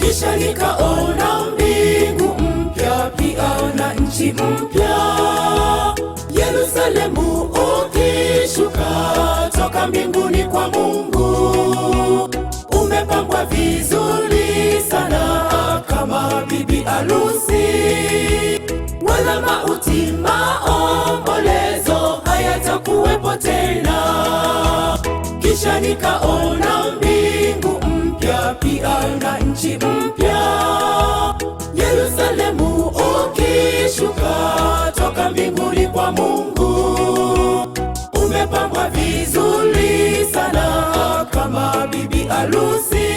kisha nikaona mbingu mpya pia na nchi mpya, Yerusalemu ukishuka toka mbinguni kwa Mungu, umepambwa vizuri sana kama bibi arusi, wala mauti, maombolezo hayatakuwepo tena. Kisha nikaona mbingu mpya, pia na nchi mpya. Yerusalemu ukishuka toka mbinguni kwa Mungu, umepambwa vizuri sana kama bibi harusi.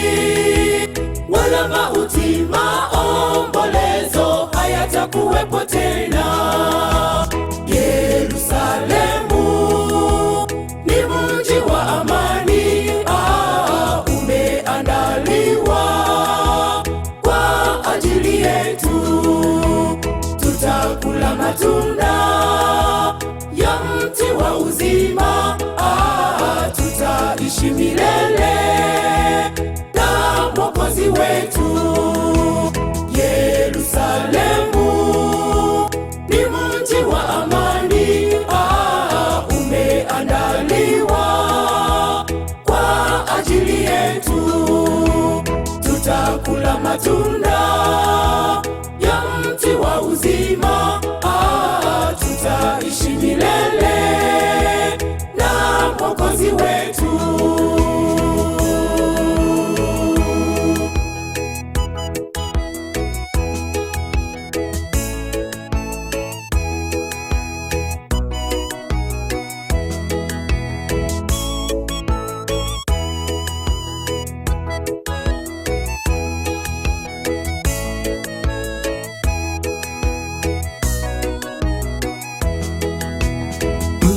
Wala mauti, maombolezo hayatakuwepo tena. utaishi milele na Mwokozi wetu Yerusalemu ni mji wa amani ah, ah umeandaliwa kwa ajili yetu tutakula matunda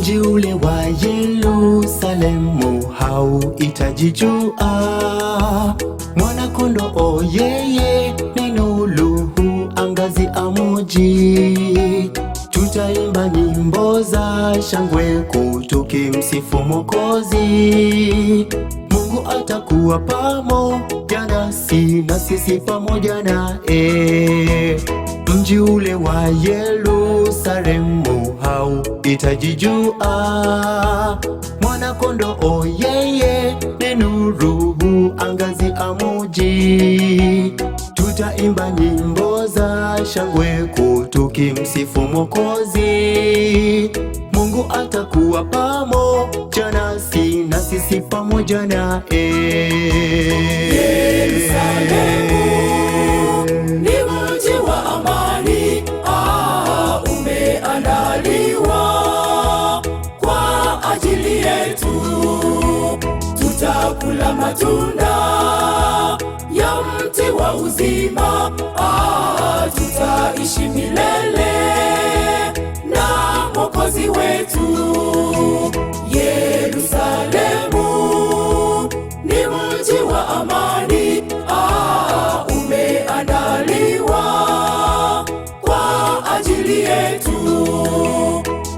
Mji ule wa Yerusalemu hauhitaji jua, mwanakondoo o yeye, neno luhuangazia mji. Tutaimba nyimbo za shangwe kutuki msifu Mwokozi. Mungu atakuwa pamoja nasi na sisi pamoja naye. Mji ule wa Yerusalemu hauitajijua. Mwanakondoo oh yeye ni nuru huangazia mji. Tutaimba nyimbo za shangwe kutukimsifu tukimsifu Mwokozi. Mungu atakuwa pamoja nasi na sisi pamoja naye. Yerusalemu kula matunda ya mti wa uzima, ah, tutaishi milele na Mwokozi wetu. Yerusalemu ni mji wa amani, ah, umeandaliwa kwa ajili yetu,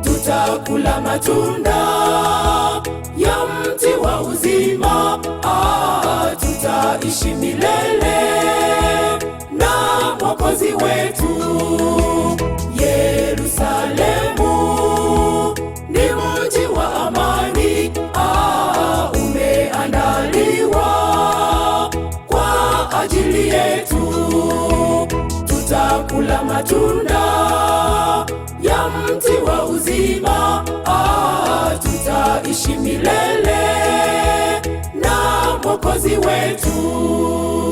tutakula matunda mti wa uzima, ah, tutaishi milele na Mwokozi wetu. Yerusalemu ni mji wa amani, ah, umeandaliwa kwa ajili yetu. Tutakula matunda ya mti wa uzima, ah, tutaishi milele sisi wetu.